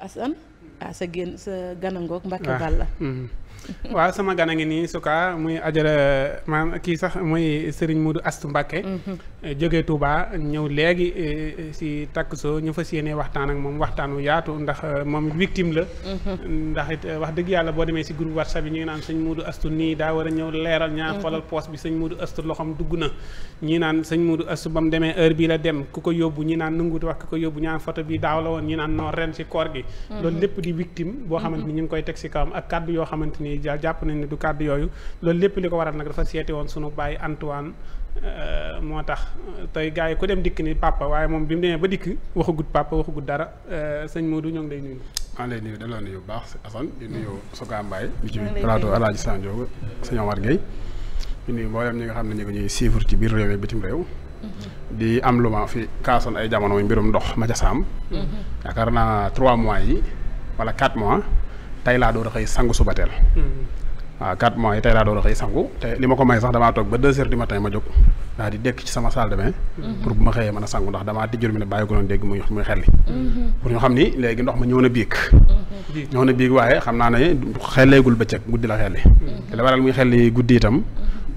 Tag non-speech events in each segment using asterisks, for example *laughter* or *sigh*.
Assane ah sa génn sa ganangoog Mbacke ah. Balla mm-hmm. waaw sama gan a ngi nii su ka muy ajara maanaam kii sax muy Serigne Modou astu Mbacke mm-hmm. jóge Touba ñëw léegi eh, eh, si takk soo ñu fas yéene waxtaan ak moom waxtaan wu yaatu ndax eh, moom victime la mm-hmm. ndax it wax dëgg yàlla boo demee si groupe WhatsApp yi ñu naan sëñ Modou Astou nii daa war a leeral ñaa xoolal poste bi mu Modou Astou loxoom dugg na ñi naan sëñ Modou Astou ba mu demee heure bii la dem ku ko yóbbu ñi naan nanguut wax ku ko yóbbu ñaa photo bi daaw la woon ñi naan noo ren si koor gi loolu lépp ci victime boo mhm. xamante ni ñu ngi koy teg si kawam ak kàddu yoo xamante ni jàpp nañ ne du kàddu yooyu loolu lépp li ko waral nag dafa seeti woon sunu bàyyi Antoine euh, moo tax tey gars yi ku dem dikk ni papa waaye moom bi mu demee ba dikk waxagut papa waxagut dara euh, sëñ du ñoo ngi lay nuyu. maa ngi lay nuyu bu baax Assane di mm. nuyu Soga Mbaye. di ci plateau El Hadj Sandio sëñ Omar Gueye di nuyu nga xam ne ñu ngi ñuy suivre ci biir réew yi bitim réew. Mm-hmm. di am lu ma fi kaasoon ay jamono mbirum ndox ma ca saam. Mm-hmm. yaakaar naa trois mois yi. wala 4 mois tey laa door a xëy sangu suba teel. Mm-hmm. waaw 4 mois yi tey laa a xëy sangu te li ma ko may sax damaa toog ba 2 heures du matin ma jóg daal di dékk ci sama salle de bain. Mm-hmm. pour bu ma xëyee mën a sangu ndax damaa tijjur mi ne bàyyi ko doon dégg muy muy xelli. Mm-hmm. pour ñu xam ni léegi ndox ma ñëw na biig. ñëw na biig waaye xam naa ne xelleegul bëccëg guddi la xelli. te la waral muy xelli guddi itam.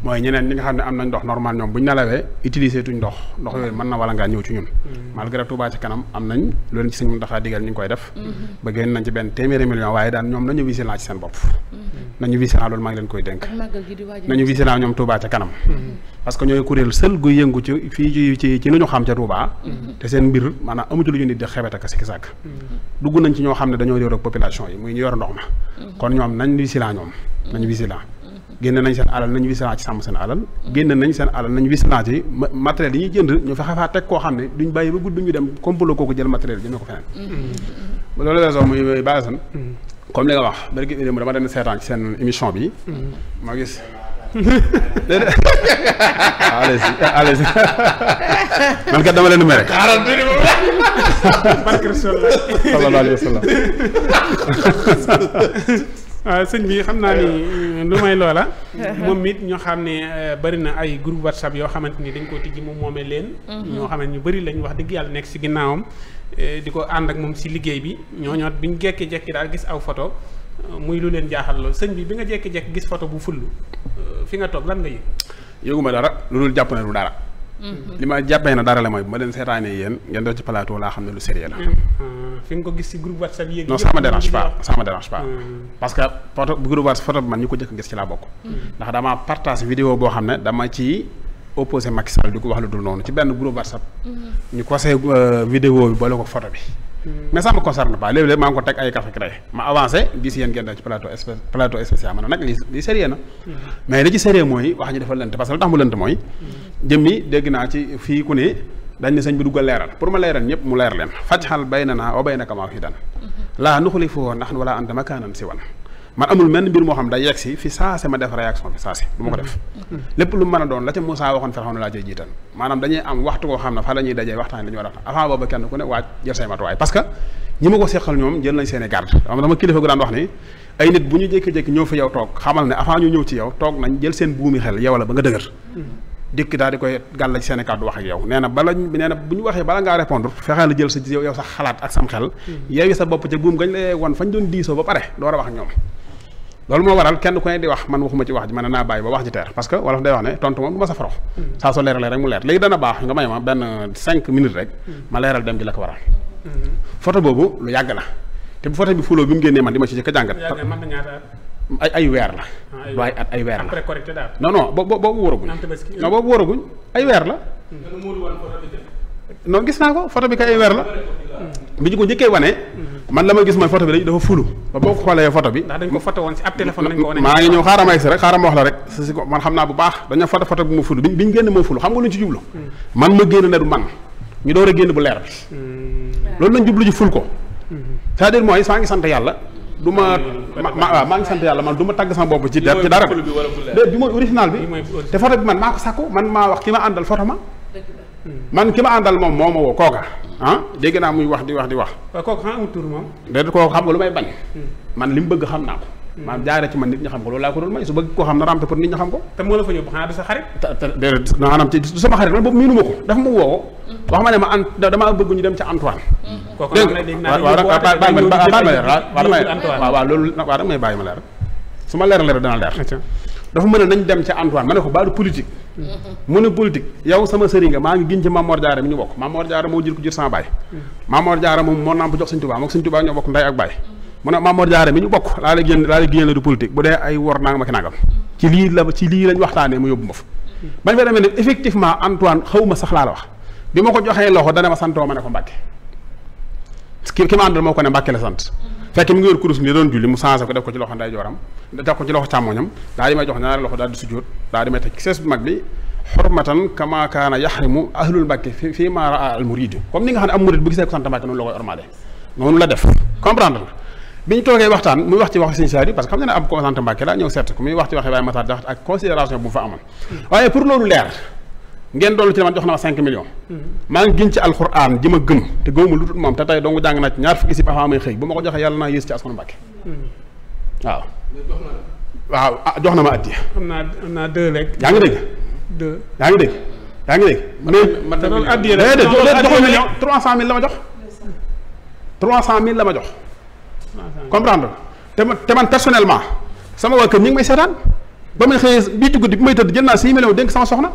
mooy ñeneen ñi nga xam ne am nañ ndox normal ñoom bu ñu nelawee utiliser tuñ ndox ndox yooyu na wala ngaa ñëw ci ñun mm-hmm. malgré Touba ci kanam am nañ lu leen ci sëñ koy def mm-hmm. ba génn nañ ci benn million waaye daan ñoom nañu vigilant ci seen bopp mm-hmm. nañu vigilant loolu maa ngi leen koy dénk nañu vigilant ñoom Touba ca kanam parce que ñooy kuréel sël guy yëngu ci fii ci ci lu ñu xam ca Touba te seen mbir maanaam amu lu ñu nit di xebet ak sikki dugg nañ ci ñoo xam ne dañoo réer ak population yi muy ñu yor ndox ma kon ñoom nañ vigilant ñoom nañu vigilant génne nañ seen alal nañu wisinaa ci sàmm seen alal génne nañ seen alal nañu wisinaa ci matériel yi ñuy jënd ñu fexe faa teg koo xam ne duñ bàyyi ba gudd ñu dem komplo kooku jël matériel jënd ko feneen mm-hmm. loolu la raison muy bàyyi san mm-hmm. comme li nga wax barki mu dama dem seetaan ci seen émission bi mm-hmm. ma gis allez *laughs* allez *laughs* man kat dama leen numé rek. la. *laughs* Euh, sëñ bi xam naa ni euh, lu may loola. *laughs* moom it ñoo xam ne euh, bari na ay groupe whatsapp yoo xamante ni dañ koo tijji moom moome leen. Mhm. ñoo xam ne ñu bari lañ wax dëgg yàlla nekk ci ginnaawam. di ko ànd ak moom ci liggéey bi ñoo bi ñu jékki jékki daal gis aw photo muy lu leen jaaxal lool sëñ bi bi nga jekki jekki gis photo bu full fi nga toog lan nga yëg. yëguma dara lu dul jàpp na lu dara. Mhm. li ma jàppee na dara la mooy bu ma leen seetaanee yéen ngeen def ci plateau laa xam ne lu sérieux la. Mhm. Ah, fi nga ko gis ci groupe WhatsApp yéeg non ça me dérange mhm. parce que photo groupe WhatsApp photo bi man ñu ko njëkk gis ci laa bokk ndax dama partage vidéo boo xam ne dama ci opposé Macky Sall di ko wax lu dul noonu ci benn groupe WhatsApp ñu ko kosee euh, vidéo bi boole ko photo bi mais ça me concerne pas léeg-léeg maa ngi ko teg ay café créé ma avancé di si yéen daal ci plateau plateau spécial nag li li na mais li ci sérieux mooy wax ñu dafa lënt parce que lu tax mu lënt mooy jëmmi dégg naa ci fii ku ne dañ ne sëñ bi dugg a leeral pour ma leeral ñëpp mu leer leen fajxal bay na naa wa bay na kamaa fi laa nuxuli foo nax wala anta makaanan si wan man amul menn mbir moo xam day yegg si fi saase ma def réaction fi saase du ma ko def lépp lu mën a doon la ca Moussa waxoon Firawna laa cay jiital maanaam dañuy am waxtu koo xam ne fa la ñuy dajee waxtaan la ñu war a avant boobu kenn ku ne waaj jël say matuwaay parce que ñi ma ko seqal ñoom jël nañ seeni garde am dama kilifa gu daan wax ni ay nit bu ñu jékki-jékki ñëw fi yow toog xamal ne avant ñu ñëw ci yow toog nañ jël seen buumi xel yow la ba nga dëgër dikk daal di koy gàll wax ak yow na bala nee na bu ñu waxee bala ngaa répondre fexee la jël sa yow sa xalaat hmm. sa bopp ca buum gañ lay woon fañ doon ba pare door a wax loolu moo waral kenn ku ne di wax man waxuma ci wax ji man naa bàyyi ba wax ji teer parce que wolof day wax ne tontu moom du sa farox mm. saa soo leeralee rek mu leer léegi dana baax nga may ma benn cinq minutes rek mm. ma leeral dem ji la ko waral mm-hmm. photo boobu lu yàgg la te bu photo bi fuloo bi mu génnee man di ma ci jëkk a jàngat ay weer la ah, du ay at ay weer la non non boobu boobu wóoraguñ non boobu wóoraguñ ay weer la mm. non gis naa ko photo bi kay ay weer la bi ñu ko njëkkee wane man la ma gis mooy photo bi dañ dafa fulu ba boo ko xoolee photo bi ndax dañ ko photo woon si ab téléphone lañ maa ngi ñëw xaaral ma egsi rek xaaral ma wax la rek si ko man xam naa bu baax dañoo photo photo bi mu fulu bi lu ñu hmm. hmm. ful ko hmm. c'est-à-dire maa ngi sant yàlla du ma ma waaw maa ngi sant yàlla man du ma tàgg sama bopp ci dara ci dara bi mooy bi te photo bi man maa ko sàkku man maa wax ki ma àndal photo ma man ki ma àndal moom moo ma woo kooka ah dégg naa muy wax di wax di wax. waaw kooka xam amul tur moom. nga lu may bañ. Hmm. man li mu bëgg xam naa ko. Hmm. maanaam jaaree ci man nit ñi xam ko loolu laa ko doon may su bëgg koo xam na rampe pour nit ñi xam ko. du sa xarit. te te déedéet maanaam ci sama xarit man boobu miinu ma ko dafa ma woo. wax ma ne ma Ant damaa bëgg ñu dem ca Antoine. Hmm. kooku nag nag dégg naa dañuy woote dañuy woote dañuy danga bàyyi ma leer su ma leer leer dana leer dafa mën a nañ dem ca Antoine ma ne ko baalu politique mu ne politique yow sama sëriñ nga maa ngi gin ci Mamor Diarra mi ñu bokk Mamor Diarra moo jur ko jur sama baay Mamor Diarra moom moo nàmp jox Sëñ Tuubaa mook Sëñ Tuubaa ñoo bokk nday ak baay mu ne Mamor Diarra mi ñu bokk laa lay génn laa lay génn du politique bu dee ay wor naa nga ma ki nangam ci lii ma sax laa la wax bi ma ko joxee loxo dana ma santoo ma ne ko Mbàkke ki ma àndal moo ko ne Mbàkke la sant fekk mu ngi yor kurus ni doon julli mu changé ko def ko ci loxo ndeyjooram def ko ci loxo càmmoñam daal di may jox ñaari loxo daal di sujjóot daal di may teg sees bu mag bi xormatan kama kaana yaxrimu ahlul mbàkke fi fii maa raa al murid comme ni nga xam ne am murid bu gisee ko sant mbàkke noonu la koy ormaale noonu la def comprendre nga bi ñu toogee waxtaan muy wax ci wax sëñ Saar yi parce que xam ne ne ab ko sant mbàkke la ñëw seet ngeen dollu ci ne man jox na ma 5 millions. maa ngi giñ ci alxuraan ji ma gëm te gëmuma lu dul moom te tey dong jàng naa ci ñaar fukki si avant may xëy bu ma ko joxee yàlla naa yées ci askanu waaw. waaw ah jox na ma addiya. am naa am naa deux yaa ngi dégg. yaa ngi dégg. yaa ngi dégg. mais man de loolu addiya la de joxul million 300000 la ma jox. 300000 la ma jox. comprendre te man te man personnellement sama waa kër ñi ngi may seetaan ba may xëyee bii ci guddi bi may tëdd jël naa soxna.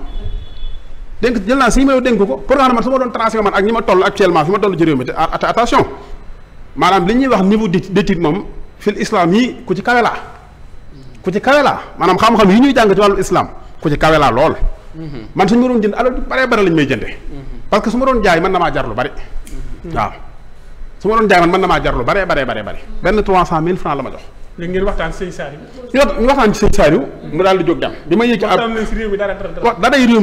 dénk jël naa si ñu may ko programme man su ma doon tracé man ak ñi ma toll actuellement fi ma toll ci réew mi te attention maanaam li ñuy wax niveau d'étude moom fil islam yi ku ci kawe laa ku ci kawe laa maanaam xam-xam yi ñuy jàng ci wàllu islam ku ci kawe laa lool. Mm-hmm. man suñu ma doon jënd alal du bare bare lañ may jënde mm-hmm. parce que su ma doon jaay mën na jar lu bari. Mm-hmm. waaw su ma man na maa jar lu bare bare bare bari benn trois cent mille francs la ma jox. ñu waxtaan ci sëñ Saliou. mu daal di jóg dem. bi ma yëg ci ab waxtaan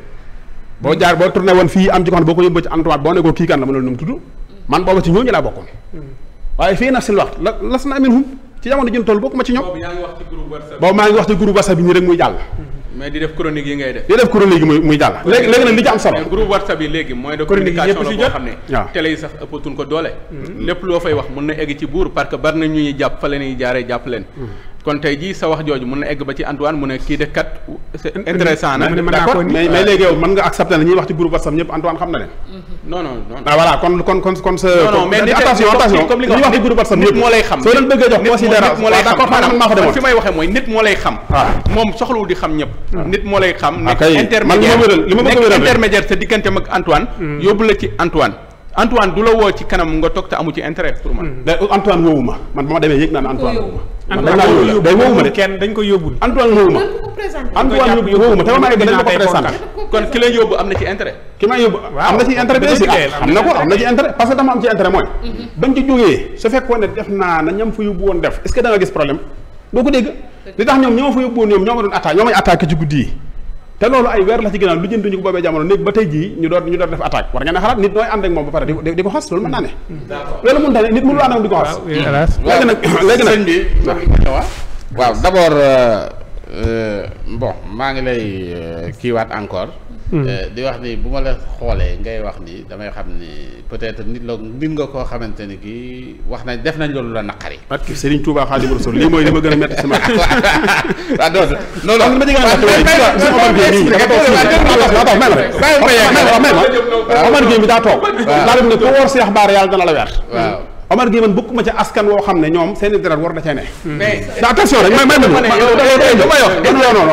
boo jaar boo tourné woon fii am ci ko xam ne boo ko yóbboo ci entourage boo ne kii kan la ma ne nu mu tudd man booba ci ñooñu laa wax la las na amin hum ci jamono bokkuma ci ñoom boobu maa ngi wax ci groupe whatsapp bi nii rek muy jàll mais di def chronique yi ngay def di yi muy jàll léegi léegi nag li ci am solo groupe yi léegi moyen de communication la boo xam ne waaw télé yi sax ëppatun ko doole mm-hmm. lépp loo fay wax mën na egg ci buur parce que bari na ñuy jàpp fa leen yi mm-hmm. kon tey jii sa wax jooju mun na egg ba ci Antoine mu ne kii de kat c'est intéressant na d'accord mais léegi yow mën nga accepté na ñuy wax ci groupe WhatsApp ñëpp Antoine xam na fi may waxee mooy nit moo lay xam ah. moom soxlawul di xam ñëpp ah. nit moo lay xam ah, nekk intermédiaire a wéral intermédiaire sa digganteem ak Antoine mm. yóbbu la ci Antoine Antoine du la woo ci kanam nga toog te amu ci intérêt pour man. Mm-hmm. Antoine woowu ma man ba ma demee yëg naa Antoine woowu ma. man de kenn dañ ko yóbbul. Antoine woowu kon ki lay yóbbu am na ci intérêt. ki may yóbbu am na ci intérêt bien que dama am ci intérêt mooy. Mm-hmm. bañ ci jógee su fekkoon ne def naa ñam fa yóbbu woon def est-ce que da gis problème doo ko dégg. li tax ñoom ñoo fa yóbbu woon ñoom doon attaque ñoo may ci guddi yi te loolu ay weer la ci ginnaaw lu jënd ñu ko boobee jamono néeg ba tey jii ñu door ñu door def attaque war nga ne xalaat nit nooy ànd ak moom ba pare di di ko xas loolu mën naa ne loolu mën naa nit mënul ànd ak moom di ko xas léegi nag léegi nag waaw d'abord euh, euh, bon maa ngi lay euh, kiiwaat encore di wax ni bu ma la xoolee ngay wax ni damay xam ni peut-être nit la nit nga koo xamante ni kii wax nañ def nañ loolu la naqari. parce que Serigne Touba Xaadimu Rasuul lii mooy li ma gën a métti sama. waaw non non non ma déggee ma daa toog. waaw ne ko wóor Seex Baar yàlla dana la weer. waaw. Omar Gueye man bokkuma ca askan woo xam ne ñoom seen i dara war na cee ne. mais attention rek may may ma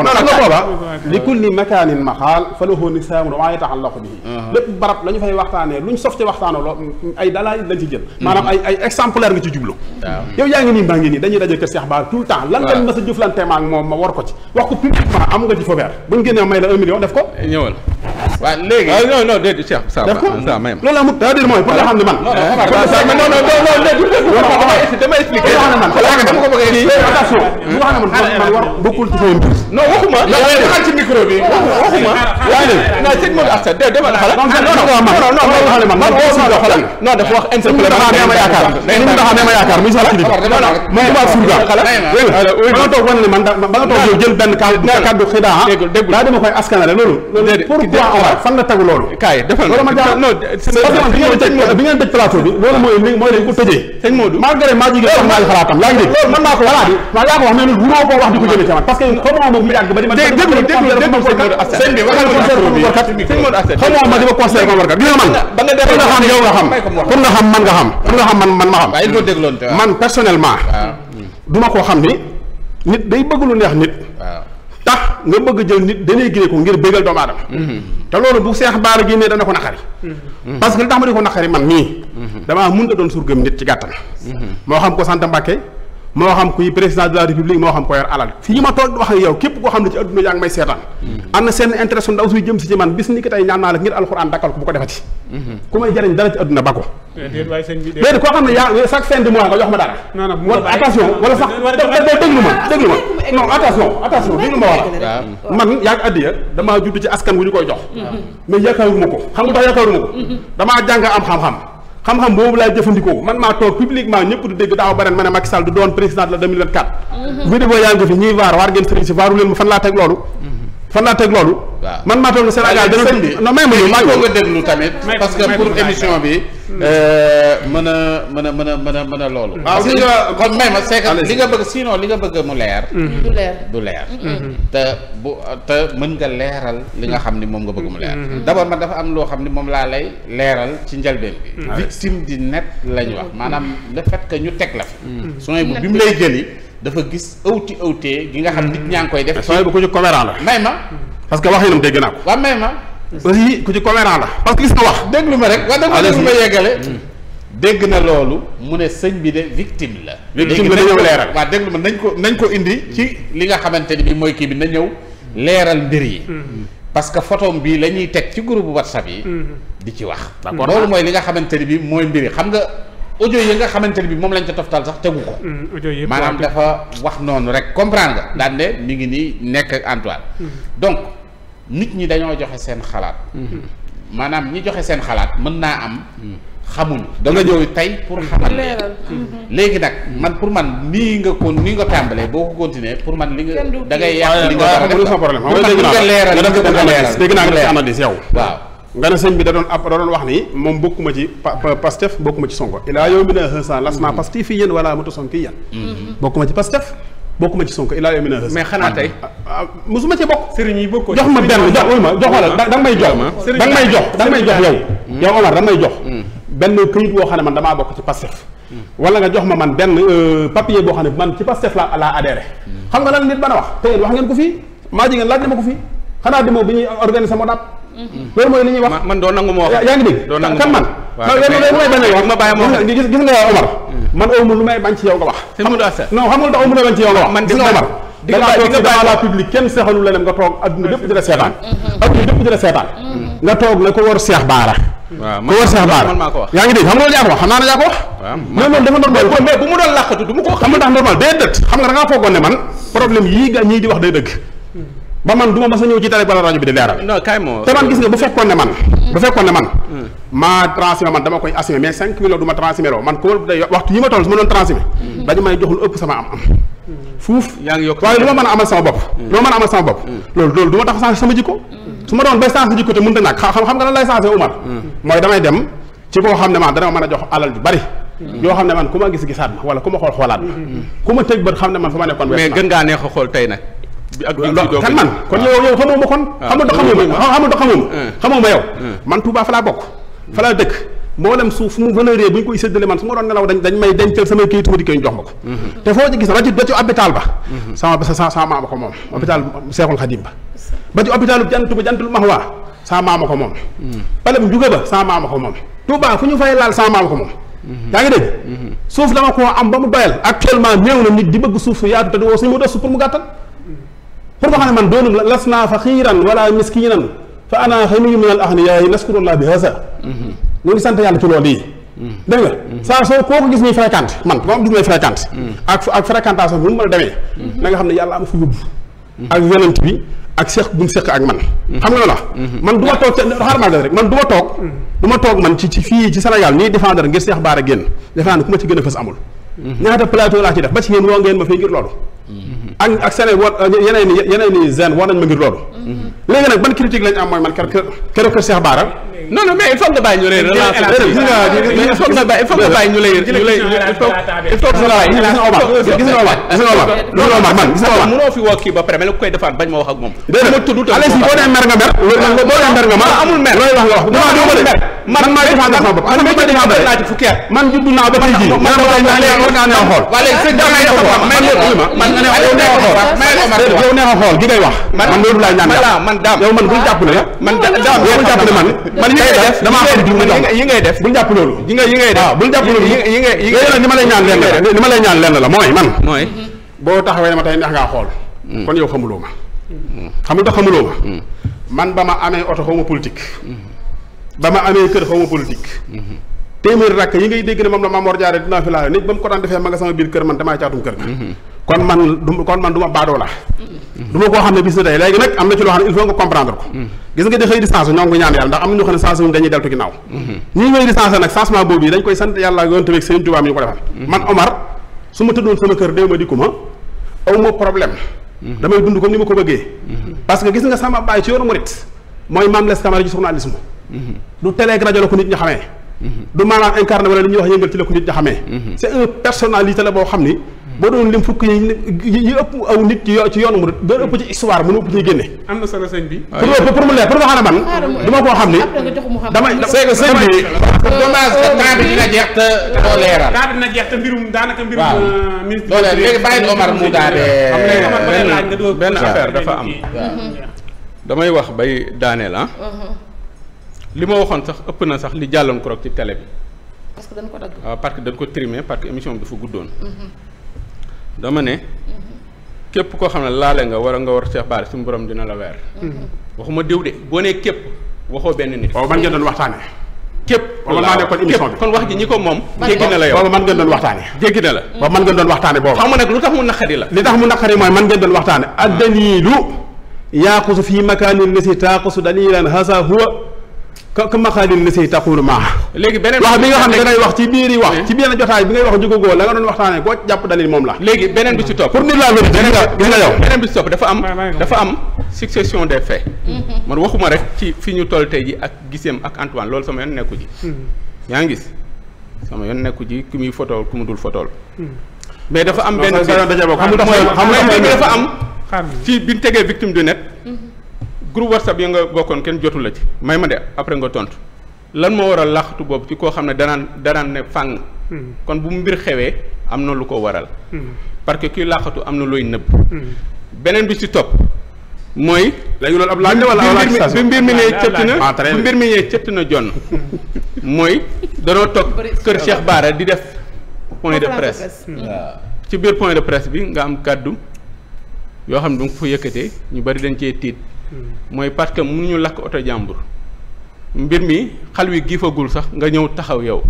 ma booba li kulli makaanin maxaal fa lahu nisaamun wa maa yataallaqu bihi lépp barab la ñu waxtaanee luñ sof ci waxtaanoo loo ay dalaay lañ ci jël. maanaam ay exemplaire nga ci jublu. yow yaa ngi nii maa ngi nii dañuy daje kër Cheikh Baar tout temps. lan lañ mës a jëflante moom ma war ko ci. wax ko publiquement am nga ci fa weer buñ génnee may waaw léegi non non déedéet Cheikh ça va ça même loolu amul c'est-à-dire mooy pour nga xam ne man non non non dama expliquer dama ko bëgg attention bu wax na man man war bokkul ci sama mbir non waxuma waxal ci micro bi waxuma yaa ngi non sëñ Modou Asta dé demal xala non non non man non dafa wax interpellation dama yaakaar dañu taxam dama yaakaar muy sax ci ma ma surga xala ma toog wan ne man ba nga toog yow jël benn kàddu kàddu xidaa daa dama koy askanale loolu loolu pourquoi waaw fan la tegu loolu. bi ngeen tëj plateau bi loolu mooy mooy dañ ko tëjee. sëñ maa jigéen sax maa ngi xalaatam ma di ma conseil ma warkat gis man ba nga xam man nga xam pour nga xam man ma xam man personnellement duma koo xam ni nit day bëgg neex nit tax nga bëgg a jël nit dénigré ko ngir bëggal doomu aadama mm-hmm. te loolu bu seex baara génnee dana ko naqari mm-hmm. parce que li tax ma di ko naqari man mii mm-hmm. damaa mun a doon surgëm nit ci gàttal moo xam ko sant Mbàkke moo xam ko yor alal fii ma toog wax ak yow képp koo xam ne ci adduna yaa ngi may seetaan am na seen intérêt su ndaw suy jëm si ci man bis ni ki tey ñaan naa la ngir alxuraan dakkal ko bu ko defati ku may jëriñ dara ci adduna ba ko eh, déedéet non attention attention dégg nga ma wax man yaag addiya eh? damaa judd ci askan wu ñu koy jox hmm. mais yaakaaruma ko xam nga tax yaakaaruma ko hmm. damaa jàng am xam-xam xam-xam boobu laay jëfandikoo man maa toog publiquement ñëpp di dégg daaw baren ma ne Macky du doon président de la 2024 hmm. vidéo yaa ngi fi ñuy waar waar ngeen sëriñ si waaru leen fan laa teg loolu fan laa teg loolu. waaw man maa toog Sénégal dana. non may ma ñëw maa nga déglu tamit. parce que pour émission bi. Hmm. Euh, mën a mën a mën a mën a mën a loolu. waaw li nga kon may ma c'est que li nga bëgg sinon li nga bëgg mu leer. Hmm. du leer du leer. Hmm. te bu te mën nga leeral li nga xam ni moom nga bëgg mu leer. d'abord ma dafa am loo xam ni moom laa lay leeral ci njëlbeen bi. victime di net lañ wax maanaam le fait que ñu teg la fi. sooy bi mu lay jëli. dafa gis ëwti ëwtee gi nga xam nit ñaa ngi koy def. sooy bu ku ci la. may ma. parce que wax yi nam dégg naa ko. waaw may ma. ku ci commérant la. parce que gis na wax. déglu ma rek waaw dama déglu ma hmm. na loolu mu ne sëñ bi de victime la. victime la dañoo leeral waaw déglu ma nañ ko nañ ko indi. ci li nga xamante ni bi mooy kii bi na ñëw leeral mbir yi. Hmm. parce que photo bii la ñuy teg ci groupe WhatsApp yi. Hmm. di ci wax. loolu mooy li nga xamante ni bi mooy mbir yi xam nga. ojo yi nga xamante ne bi moom lañ ca toftal sax tegu ko. Mm, audio yi maanaam dafa wax noonu rek comprendre nga. daan ne ngi nii nekk ak mm-hmm. donc nit ñi dañoo joxe seen xalaat. Mm-hmm. maanaam ñi joxe seen xalaat mën naa am. Mm-hmm. xamuñu da nga ñëw tey pour xamal léegi nag man pour man nii nga ko nii nga tàmbalee boo ko continuer pour man li nga da ngay yàq li nga war a def problème nga leeral dégg naa nga analyse yow waaw nga ne sëñ bi da doon ab da doon wax ni moom bokkuma ci pastef bokkuma ci sonko bokk sëriñ jox ma benn jox ma jox wala da nga may jox da nga may nga may jox yow mm-hmm. yow Omar da mm-hmm. boo xam ne man damaa bokk ci mm-hmm. nga euh, la laa adhéré xam nga nit bana wax te yéen wax ngeen ko fii maa ji ngeen laaj na ma ko fii xanaa demoo bi ñuy organiser moo daat Mm-hmm. loolu mooy li ñuy wax man doo nangu ma wax yaa ngi dégg doo nangu kan man ma bàyyi ma wax gis nga Omar mm-hmm. man amul lu may bañ ci yow nga wax non xam nga tax amul lu may bañ ci yow nga wax man gis nga Omar da ngaa toog ci dans la public kenn seexalu la nem nga toog adduna bépp di la seetaan mm-hmm. adduna bépp di la seetaan nga toog na ko war Seex Baara waaw man maa ko wax yaa ngi dégg xam nga loolu yaa ko wax xam naa ne yaa ko wax. mais loolu dafa normal mais bu mu doon làqatu du mu ko xam nga ndax normal day dëtt xam nga da ngaa foogoon ne man problème yii nga ñii di wax day dëgg ba man du ma mas a ñëw ci télé wala rajo bi di leeral. non kay moo te man gis nga bu fekkoon ne man. Hmm. bu fekkoon ne man. Hmm. ma transmet man dama koy assumer hmm. ëpp sama am-am. fuuf yaa ngi yokk waaye lu ma mën a amal sama bopp. lu ma mën a amal sama bopp. loolu loolu du tax sama jikko. su ma doon bay changé jikko te mënut a ñàkk xam xam nga lan lay changé Umar. mooy damay dem ci koo xam ne man dana ma a jox alal ju bari. yoo xam ne man ku ma gis gisaat ma wala ku ma xool xoolaat ma. ku ma teg bët xam ne man fa ma nekkoon. mais gën ngaa a xool tey nag bi ak bi kan man kon yow yow xamoo ma kon xam nga xamoo ma xam nga xamoo ma xamoo ma yow ah. man Touba fa laa bokk fa laa dëkk mboolem suuf fu mu valeuree bu ñu koy séddale man su ma doon nelaw dañ dañ may dencal samay këyitu di koy jox ma ko mm-hmm. te foo ci gis rajut ba ci hôpital ba mm-hmm. ko moom mm-hmm. ba ba ci ba jantul Mahwa sama ko moom pale bu ñu fay laal sama maama ko moom yaa ngi dégg suuf dama koo am ba mu doyal actuellement néew na nit di bëgg suuf su yaatu pour nga xam ne man doonum las naa faqiiran wala miskiinan fa ana xaniyyun min al agniyaa'i naskurullah bi haza mm-hmm. ñu ngi sant yàlla ci loolu yi mm-hmm. dégg nga mm-hmm. saa soo koo ko gis muy fréquente man moom du may fréquente ak ak fréquentation bu mu mën a demee na nga xam ne yàlla am fu yóbbu ak yonent bi ak seex bu mu seq ak man xam nga la man du ma toog xaaral maa rek man du ma toog du ma toog man ci ci fii ci Sénégal nii défendre ngir Seex Baara génn defe ku a fës amul ngeen ma fay ak ak seen war yeneen i yeneen i zen war nañ ma ngir loolu mm-hmm. léegi nag ban critique lañ am mooy man keroog keroog Cheikh Bara non non mais il faut nga bàyyi ñu lay relancé. il faut nga bàyyi il faut nga bàyyi ñu lay. ñu lay il faut gis nga Omar gis nga Omar loolu Omar man gis nga Omar. mënoo fi woo kii ba pare mais la koy defaat bañ ma wax ak moom. déedéet ma tudd Alès boo dee mer nga mer. boo dee mer nga ma amul mer looy wax nga wax. non non mer man maa defaan sama bopp man maa defaan naa ci fukki at man judd naa ba tey jii man maa ngi lay war naa neex a xool. waaye sëñ bi nga xam man man man nga ne yow neex a xool. déedéet yow neex a xool gi ngay wax. man loolu laay ñaan yow man daam yow man bul jàpp ne man daam yow bul jàpp ne man man yi ngay yi ngay def bul jàpp loolu yi ngay yi ngay yi ngay yi ngay li ma lay ñaan lenn la li ma lay mooy man mooy boo taxawee ma tey ndax ngaa xool hmm. kon yow xamuloo ma xamul tax xamuloo ma hmm. man ba ma amee oto xaw ma politique hmm. ba ma amee kër xaw ma politique téeméer rakk yi ngay dégg ne moom la Mamor Diarra dinaa fi laa nit ba mu ko daan defee ma nga sama biir kër man damaa caatum kër ga kon man du kon man du ma baadoo koo xam ne bis na tey léegi nag am na ci loo xam ne il faut nga comprendre ko gis nga di xëy di sens ñoo ñaan yàlla ndax am na ñoo xam ne sens ñu dañuy deltu ginnaaw ñii ngay di sens nag changement boobu yi dañ koy sant yàlla yonent bi Sëriñ Tuubaa mi ñu ko defal man Omar su ma tëddoon sama kër déw ma dikku ma problème damay dund comme ni ma ko bëggee parce que gis nga sama baay ci yoonu murit mooy Mame Less Camara boo xam ni boo doon lim fukk yi ñu ëpp aw nit ci ci yoonu murid doon ëpp ci histoire mënu ëpp ci génne. am na solo sëñ bi. pour pour mu leer pour nga xam ne man. ma koo xam ni. damay c'est que sëñ bi. dommage que temps bi dina jeex te euh, benn affaire dafa am. damay wax bay daaneel ah. uh-huh. li ma waxoon sax ëpp na sax li jàlloon ko rek ci télé bi. parce que ko dagg. waaw ah, parce que ko trimé parce que émission bi dafa guddoon. Uh-huh. dama ne képp koo xam ne laale nga war a nga war Cheikh Bara suñu borom dina la weer waxuma diw de boo ne képp waxoo benn nit waaw man ngeen doon waxtaane képp man wax ji ko moom jéggi la yow man ngeen doon waxtaane jéggi la booba man ngeen doon waxtaane boobu xam nga nag lu tax mu naqari la li tax mu naqari mooy man ngeen doon waxtaane ah. addaliilu yaaqusu fii makaani lesi taaqusu dalilan hasa huwa ka maqaalin la say taqulu maa léegi beneen bi nga xam ne dangay wax ci biir yi wax eh? ci benn jotaay bi ngay wax jógagoo la nga doon waxtaanee koo jàpp dalil moom la léegi beneen bi ci topp pour nit laa wér gis nga yow beneen bi ci topp dafa am dafa am succession des faits mm-hmm. man waxuma rek ci fi ñu toll tey ji ak giseem ak Antoine loolu sama yoon nekku ji mm-hmm. yaa ngi gis sama yoon nekku ji ku muy photo ku mu dul photool mm-hmm. mais dafa am benn xam nga dafa am ci bi ñu tegee victime du net groupe whatsapp yi nga kenn jotu la ci may ma de nga tontu lan moo war a laxtu boobu ci koo xam ne danaan danaan ne fàng. Hmm. kon bu mbir xewee am na lu ko waral. Hmm. parce que kii làqatu am na looy nëbb. Hmm. beneen bi ci topp mooy. léegi loolu ab laaj wala wala bi mbir mi ne ah, cëtt na mbir mi ne cëtt na jonn mooy danoo toog kër Cheikh Bara di def point de presse. Ah. ci biir point de presse bi nga am kàddu yoo xam ne du nga ko fa ñu bari dañ cee tiit. mooy parce que mënuñu lakk oto jàmbur mbir mi xal yi giifagul sax nga ñëw taxaw yow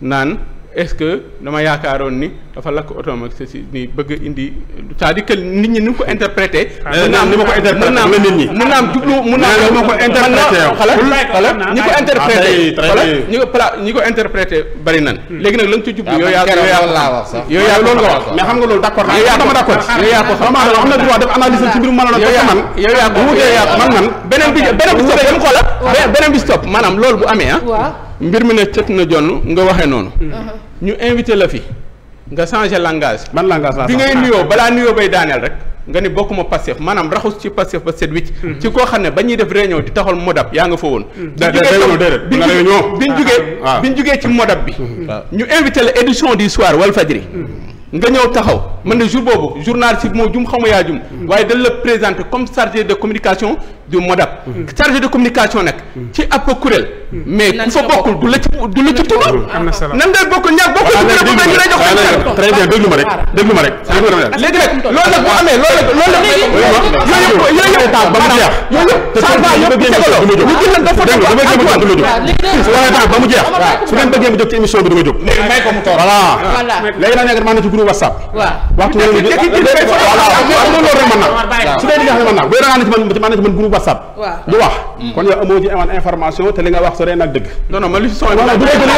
naan est-ce que dama yaakaaroon ni dafa lakk otoom ak ceci ni bëgg indi c'est-à-dire que nit ñi ni ko interprété. mën naa am ni ma ko interprété la nit ñi. mën naa am jublu mën naa am ma ko interprété xala ñi ko interprété xala ñi ko pla ñi ko interprété bari nan léegi nag la nga ci jublu yow yaa yow yaa loolu nga wax mais xam nga loolu d'accord yow yaa dama d'accord yow yaa ko xam am na droit def analyse ci mbir mën a la yow yaa man yow yaa ko wutee yaa man man beneen bi beneen bi stop beneen bi stop maanaam loolu bu amee ah mbir mi ne cët na jonn nga waxee noonu. ñu invité la fi nga changé langage. ban langage laa bi ngay nuyoo balaa nuyoo bay daaneel rek. nga ni bokkuma Pastef maanaam raxus ci Pastef ba set wicc ci koo xam ne ba ñuy def réunion di taxal modab yaa nga fa woon bi biñ jugee biñ jugee ci modab bi ah. ñu invité la édition du faj Walfadjri nga ñëw taxaw man ne jour boobu journaliste moo jum xaw ma yaa jum. waaye dañ la présenté comme chargé de communication du MODAP. chargé de communication nag. ci ab kuréel. mais ku fa bokkul du la ci du la ñaar bokkul ci kuréel jox ma rek déglu ma rek. léegi nag loolu nag bu amee ba mu jeex. yooyu a ba mu jeex. su ngeen bëggee mu jóg ci émission bi du ma jóg. groupe whatsapp waxtu wala loolu rek man na su dee di xam ne man na booy ragal na ci man man na whatsapp du wax mm. kon yow amoo information man sooy bu ma ah, yow li nga wax ne du dëgg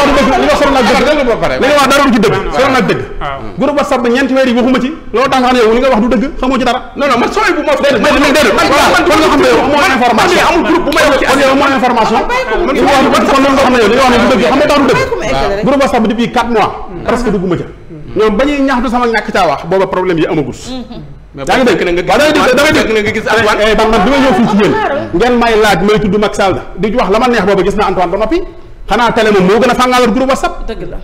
xam ne tax du dëgg groupe whatsapp depuis 4 mois mm. presque dugguma ca ñoom ba ñuy ñaxtu sama ñàkk caa wax booba problème yi amagut. yaa ngi dégg nga gis Antoine ba eh, eh, man bi ma ñëw fii ci yéen ngeen may laaj may tudd Macky Sall di wax la ma neex booba gis na Antoine ba noppi xanaa télé moom moo gën a fàngaalal groupe WhatsApp dëgg la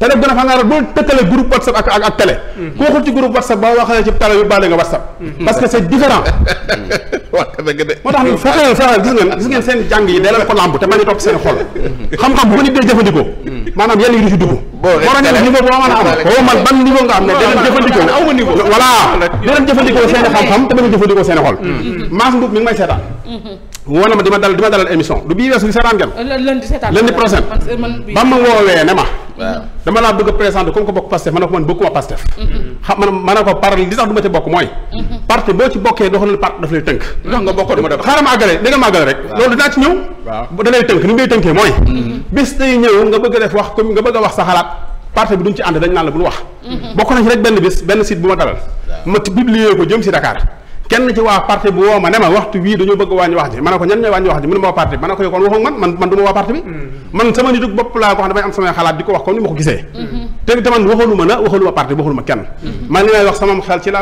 télé gën a fàngaalal boo tëkkale groupe WhatsApp ak ak ak télé mm-hmm. ku waxul ci groupe WhatsApp ba waxee ci télé yu baale nga WhatsApp mm-hmm. parce que c'est différent *laughs* moo tax fexe fexe gis ngeen gis ngeen seen jàng yi dee la ko làmb te bañ a topp seen xol mm-hmm. xam-xam bu ko nit dee jëfandikoo maanaam yàlla yi du ci dugg. boo leen niveau boo mën a am boo man ban niveau nga am jëfandikoo voilà danañ jëfandikoo seen xam-xam te danañ jëfandikoo seen xol mm-hmm. Mm-hmm. maas mbub mi may seetaan mm-hmm. woo na ma di ma dalal di ma dalal émission du bii weesu gi seetaan ngeen lundi prochain ba ma woowee ne ma waaw dama laa bëgg a présenter comme ko bokk Pastef ma a ko man bokkuma Pastef mm-hmm. xam man ma ko par li tax du ci bokk mooy mm-hmm. parti boo ci bokkee doxalin parti daf lay tënk mm-hmm. li tax nga bokk dama def xaaral ma àggale dégg ma àggale rek loolu dinaa ci ñëw waaw tënk ni ngay tënkee mooy bis day ñëw nga bëgg a def wax comme nga bëgg a wax sa xalaat parti bi duñ ci ànd dañ naan la bul wax bokk nañ rek benn bis benn site bu ma dalal ma publier jëm si Dakar kenn ci waa parti bu woo ma ne ma waxtu wii dañoo bëgg wàññi wax ji ma ne ko ñan ñooy wàññi wax ji mu ne ma waa parti bi ma ne ko yow kon waxoon man man man du waa parti bi mm. man sama nitug bopp laa ko xam damay am samay ma ko gisee mm-hmm. te taman mm-hmm. man li may wax sama wax mm-hmm.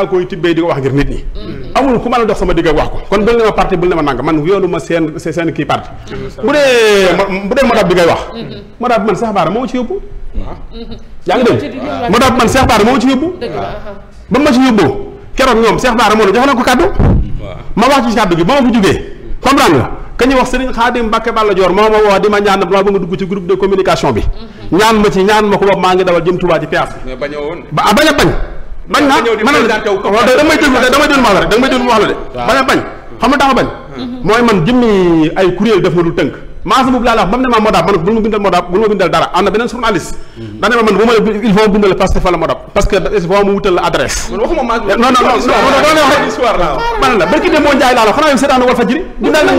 a ko kon bul ne ma parti bul ne ma nang man yooluma seen seen kii parti bu dee bu dee moo ci yóbbu yaa ngi ba ma ci yóbbu keroog ñoom Cheikh Bara moo jox na ko kaddu. ma wax ci kaddu gi ba ma fa jugee. comprendre nga ka ñu wax Serigne Khadim Mbacke Balla Dior moo ma woo di ma ñaan ma bëgg a dugg ci groupe de communication bi. Mhm. ñaan ma ci ñaan ma ko boobu maa ngi dawal jëm Touba ci péage bi. bañ a bañ bañ naa mën na la damay déglu de damay déglu wax la rek damay déglu wax la de. bañ a bañ xam nga tax a bañ. Mhm. mooy man jëmmi ay kuréel def lu tënk maasa na beneen journaliste. daan ma man bu ma il faut bindal Pastef wala Modap ma wutal la adresse. man waxuma laa la xanaa yow seetaan wal fajiri. laa la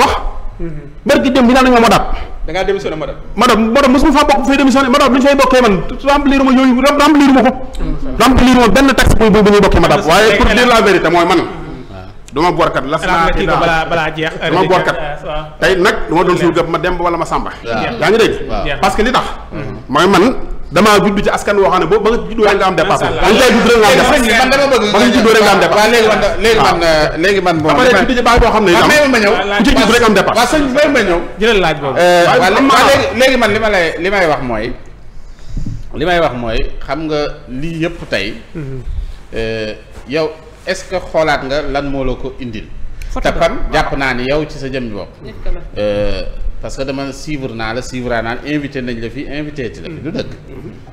wax. Mhm. barki démb bindal nañ ma Modap. da ngaa démissionné Modap. Modap Modap ñu fay bokkee man remplir ma ko. remplir ma benn taxe bu bu ñuy bokkee Modap waaye pour dire la vérité mooy man duma boorkat las naa ci balaa balaa jeex duma boorkat tey nag lu ma doon suñu gëpp ma dem ba wala ma sàmba yaa ngi dégg parce que li tax mooy man damaa juddu ci askan woo xam ne boobu ba nga juddoo rek nga am dépasse ba nga juddoo rek nga am dépasse ba juddoo rek am dépasse waaw léegi man léegi man euh, léegi man bon après judd ci baay boo xam ne waaw may ma ñëw ku ci judd rek am dépasse waaw sëñ may ma ñëw jëlal laaj euh, léegi léegi man li ma lay li may wax mooy li may wax mooy xam nga lii yëpp tey mhm. euh, yow est-ce que xoolaat nga lan moo la ko indil. te kon jàpp naa ni yow ci sa jëm bi bopp. Euh, parce que dama suivre naa la suivre naa invité nañ la fii invité ci la fi du dëgg. Mm-hmm.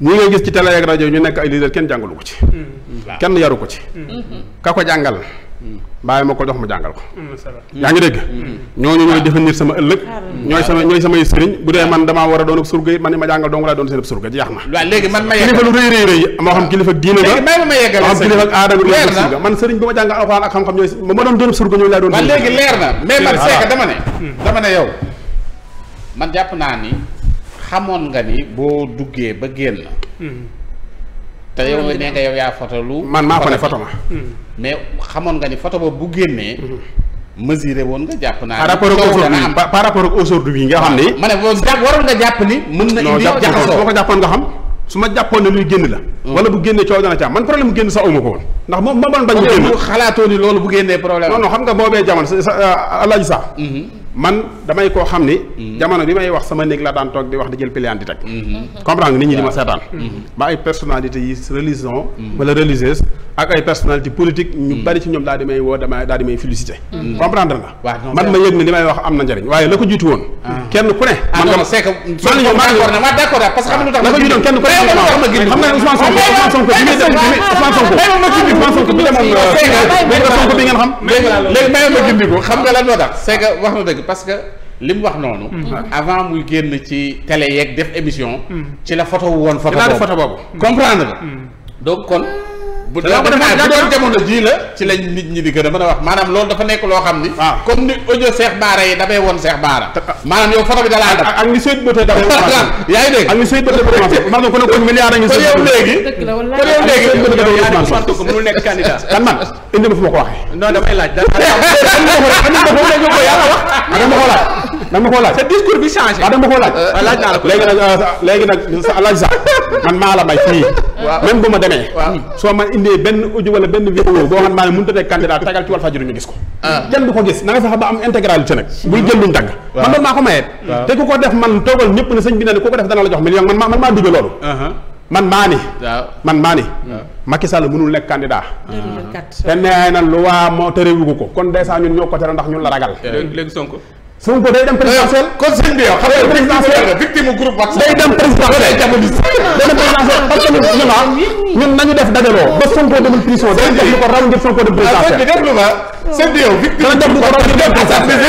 ñii ngay gis ci télé ak rajo ñu nekk ay leader kenn jàngalu ko ci. kenn yaru ko ci. Mm-hmm. ka ko jàngal. bàyyi ma ko jox mu jàngal ko. Mm-hmm. Mm-hmm. yaa ngi dégg. ñooñu ñooy définir sama ëllëg. ñooy sama ñooy samay sëriñ bu dee man damaa war a doon ak surga it man ni ma jàngal dong laa doon seen ab surga jeex na. waaw léegi man ma yeggal kilifa lu rëy rëy rëy moo xam kilifa diine léegi may ma yeggal sëriñ xam kilifa aada nga surga man sëriñ bu ma jàngal alxuraan ak xam-xam ñooy ma doon doon surga ñooñu laa doon. waaw léegi leer man seeka hmm. naa ni xamoon nga ni boo duggee ba génn. Hmm. te yow nee nga hmm. yow yaa photo lu. man maa ko ne photo ma. mais xamoon nga ni photo ba bu génnee. Hmm. mesuré woon nga naa. par rapport ak aujourd'hui par rapport ak nga xam ni. ma ne boo jàpp waroon nga jàpp ni. mën na indi jaxasoo boo ko jàppoon nga xam. su ma jàppoon ne luy génn la. wala bu génnee coow dana ci man problème mu génn sax aw ma ko woon. ndax moom ma man bañ. mu génn xalaatoo ni loolu bu génnee problème non non xam nga boobee jamono sa sa euh, alaaji sax. man damay koo xam ni. jamono bi may wax sama néeg la daan toog di wax di jël pliant di teg. comprendre nit ñi di ma seetaan. ba ay personnalité yi religion. wala religieuse ak ay personnalité politique. ñu bari ci ñoom daal di may woo damay daal di may félicité. comprendre nga man ma yëg ni li may wax am na njëriñ waaye la ko jiitu woon. kenn ku ne. la d'accord na waaw d'accord parce que la ko jiitu woon kenn ku ne xam nga Ousmane Sonko Ousmane Sonko bi muy ko xam nga lan moo parce que li wax noonu. Mm-hmm. Mm-hmm. avant muy génn ci télé yeeg def émission. Mm-hmm. ci la photo woon photo boobu comprendre nga kon. bu doon jamono jii la ci lañ nit ñi di gën a mën a wax maanaam loolu dafa nekk loo xam ni comme ni audio Cheikh Bara yi dafay woon Cheikh Bara maanaam yow photo bi dalaa def ak ni sëñ bëte dafa yaa ngi dégg ak ni sëñ bëte dafa man ko ne a ngi sëñ yow léegi kon yow léegi sëñ bëte dafa Ousmane man indi ma fu ma ko waxee non damay *laughs* ko laaj dama koo laaj ah, laaj. Euh, laaj naa la ko léegi nag euh, léegi nag laaj sax man maa la may fii. même bu ma demee. Hmm. soo ma indee benn audio wala benn vidéo boo xam maa ne mënut a nekk candidat tagal ci ñu gis ko. Ah. kenn du ko gis na nga fexe ba am man maa ko def man toogal ñëpp ne sëñ bi ne ku ko def dana jox million man maa man uh-huh. man maa ni man maa ni Macky Sall mënul nekk candidat te nee na lu waa moo tëréwu ko kon dèjà ñun ñoo ko tere ndax ñun la ragal léegi Sonko Sonko day dem présidentiel. kon sëñ bi yow xam nga présidentiel victime groupe WhatsApp day dem présidentiel day dem présidentiel parce que ñun ah, ñun nañu def dajaloo ba Sonko demul prison day def lu ko raw ngir Sonko dem présidentiel. sëñ bi yow victime ah, def lu ko raw ngir dem présidentiel.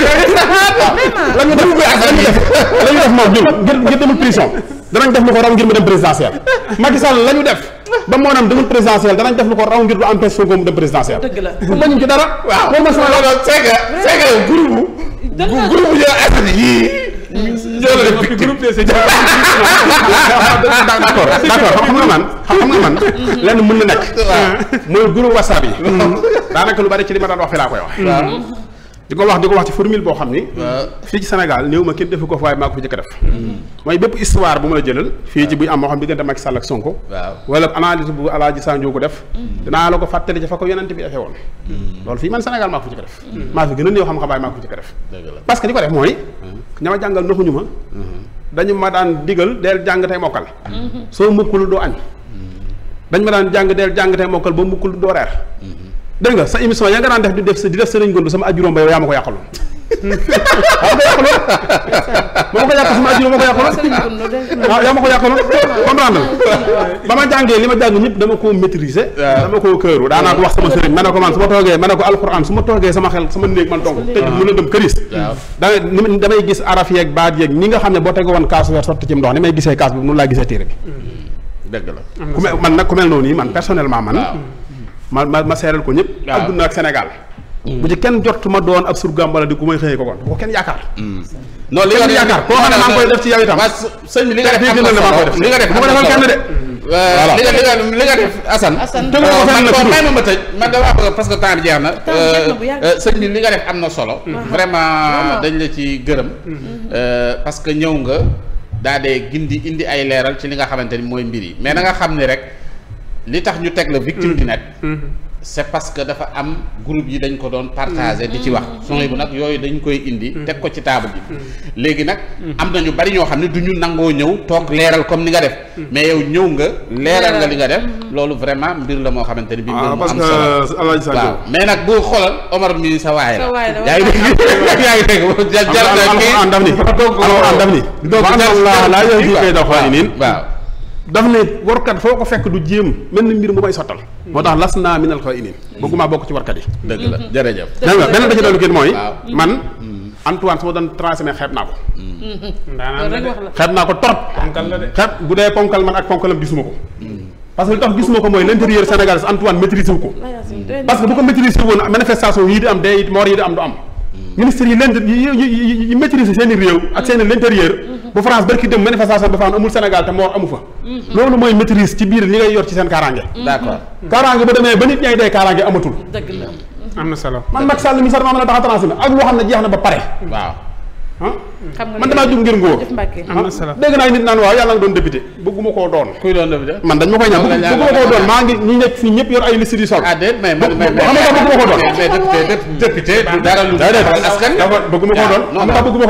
la ñu def moom ñun ngir ngir demul prison danañ def lu ko raw ngir mu dem présidentiel Macky Sall la ñu def. ba maanaam demul présidentiel danañ def lu ko raw ngir du empêche Sonko mu dem présidentiel. dëgg la bu ma ñu ci dara. waaw loolu mooy sama loolu c'est que c'est que groupe groupe bu ñu la askan yii. ñoo la def groupe de d' accord man xam nga man na nekk. waaw mooy groupe whatsapp mm-hmm. daanaka lu bari ci li ma daan wax fi koy wax. Mm-hmm. di ko wax di ko wax ci formule boo xam ni. fii ci Sénégal néew ma kenn defu ko waaye maa ko fi njëkk a def. mooy bépp histoire bu ma la jëlal. fii ci buy am moo xam diggante Macky Sall ak Sonko. wala analyse bu Alaaji Sanjo ko def. Mm. dinaa la ko fàttali ca bi defee woon. Mm. loolu fii man Sénégal maa ko fi njëkk a def. Mm. maa gën a néew xam-xam maa ko fi njëkk a def. parce que ko def mooy. ña ma jàngal naxuñu ma. Mm-hmm. dañu ma daan digal deel jàng tey mokkal. Mm-hmm. soo mukkul doo añ. Mm-hmm. dañ ma daan jàng deel jàng tey mokkal ba mukkul doo reer dégg nga sa émission ya nga daan def di def di def sëriñ Gondo sama ajuróom ba yow yaa ma ko yàqaloon. waaw ma ko yàqaloon. ma ma ko yàq sama ma ko yàqaloon. waaw yaa ma ko yàqaloon comprendre nga. ba ma jàngee li ma jàng ñëpp dama koo maîtriser. dama koo këru daanaa ko wax sama sëriñ ma ne ko man su ma toogee ma ne ko alxuraan su ma toogee sama xel sama néeg man dong. te mën na dem këris. damay gis araf yeeg baat yeeg ni nga xam ne boo tege woon kaas weer sotti ci ndox ni may gisee kaas bi noonu laa gisee téere bi. ku mel man nag ku mel noonu man personnellement man ma ma ma seeral ko ñëpp. waaw adduna ak Sénégal. Mm. bu ci kenn jot ma doon ab surgaam wala di ku may xëyee ko kon bu ko kenn yaakaar. Mm. non li nga yaakaar koo xam ne li nga def am de. voilà li nga li nga def Assane. Assane tënku la may parce que temps bi jeex na. Euh, euh, li nga def am na solo. Mm-hmm. vraiment dañ la ci gërëm. Mm-hmm. Euh, parce que ñëw nga daa dee gindi indi ay leeral ci li nga xamante ni mooy mbir yi mais na nga xam ni rek. li tax ñu teg la victime du net c'est parce que dafa am group yi dañ ko doon partagé di ci wax son bu nag yooyu dañ koy indi teg ko ci table bi léegi nag am na ñu bari ñoo xam ne du ñu nangoo ñëw toog leeral comme ni nga def mais yow ñëw nga leeral nga li nga def loolu vraiment mbir la moo xamante ni bi mbir mu am solo waaw mais nag boo xoolal Omar mi sa waay la yaa ngi dégg yaa ngi dégg jar jar na kii andam ni donc andam ni donc la la yow waaw daf ne warkat foo ko fekk du jéem mel ni mbir mu may sottal moo tax las naa minal xaw inin bëgguma bokk ci warkat yi dëgg la mhm. jërëjëf dégg nga benn da ci doolu mooy man mhm. Antoine su doon transmettre xeeb naa ko xeeb naa ko trop xeeb bu dee ponkal man ak ponkalam gisuma ko mhm. parce que lu tax gisuma ko mooy l'intérieur Sénégal Antoine maîtrise wu ko parce que bu ko maîtrise woon manifestation yii di am dee it moor yi di am du am ministre yi lent yi yi maîtriser seen i réew ak seen i l'intérieur mm-hmm. France barki dem manifestation ba fa amul Sénégal te moo amu fa mm-hmm. loolu mooy maîtrise ci biir li ngay yor ci seen kaaraange d'accord mm-hmm. kaaraange ba demee ba nit ñay dee kaaraange amatul am na solo man Macky Sall mi sax maa mën a tax a transformé ak loo xam ne jeex na ba pare man damaa jug ngir nguur dégg naa nit naan waaw yàlla nga doon député bëgguma koo doon man dañ ma koy ñaan ah, bëgguma koo doon man mais bëgguma koo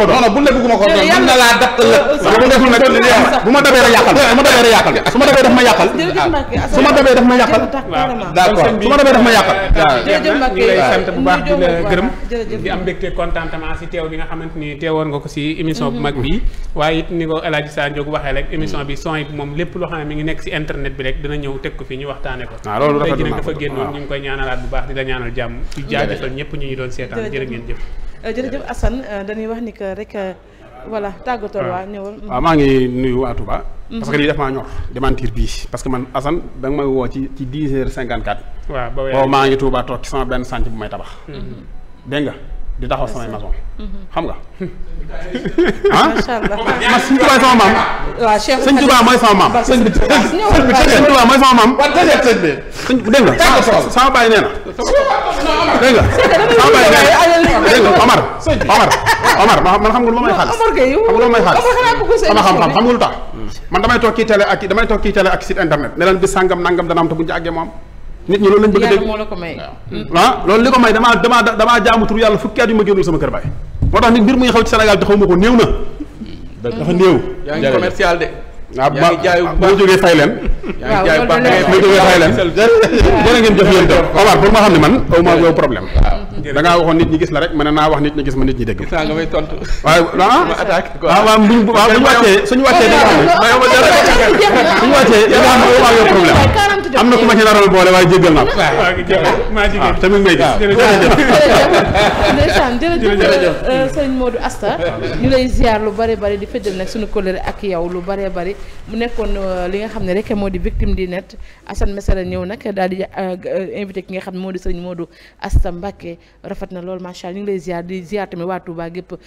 doon man na laa dab ëllëg bu ma dabee rek yàqal bu ma dabee rek yàqal su ma dabee daf ma yàqal su ma dabee daf ma yàqal su ma dabee daf ma yàqal woon nga ko si émission bu mhm. mag bi waaye it ni ko El Hadj Sa Ndiogou waxee rek émission bi son yi moom lépp loo xam ne mi ngi nekk si internet bi rek dina ñëw teg ko fi ñu waxtaane ko waa ah, maa ngi nuyu waa Touba mhm. parce que lii daf maa ñor démentir bii parce que man Assane da nga ma woo ci ci dix heures cinquante quatre waaw boobu maa ngi Touba toog ci sama benn sànc bu may tabax mhm. dégg di taxaw samay maçon mm-hmm. xam nga *laughs* ah ma sëñ sama maam. waaw Cheikh sëñ Tuubaa mooy sama maam. sëñ mooy sama maam. waaw dëgg sëñ bi. dégg nga sama bàyyi nee na. dégg nga sama baay nee na dégg nga Omar Omar Omar man xam nga lu may xaalis. xam nga lu may xaalis sama xam-xam xam nga lu tax. man damay toog kii télé ak damay toog kii télé ak site internet ne bi sàngam nangam dana am te bu ñu moom. nit ñi loolu lañ bëgg a dégg ah loolu li ko may damaa damaa damaa jaamu tur yàlla fukki at yu ma génnul sama kër baay moo tax nit mbir muy xaw ci Sénégal te xaw ma ko néew na dafa néew yaa ngi commercial de ah ba boo jógee fay leen. yaa ngi jaay bu baax boo jógee fay leen. jërë ngeen jëf yéen tam Omar pour ma xam ne man aw ma yow problème. da waxoon nit ñi gis la rek mën naa wax nit ñi gis ma nit ñi dégg ma. nga waaw waaw waaw problème am na ku ma ci naroon boole waaye jéggal naa ko. waaw may gis. jërëjëf jërëjëf sëñ Modou Asta ñu lay ziar lu bari bari di fëjal suñu kóllëre ak yow lu bari bari mu nekkoon li nga xam ne rek moo di victime di net Assane Mesara ñëw nag daal di invité ki nga xam ne moo di sëñ Modou Asta Mbacké rafet na loolu macha allah ñu ngi lay ziar di ziar tamit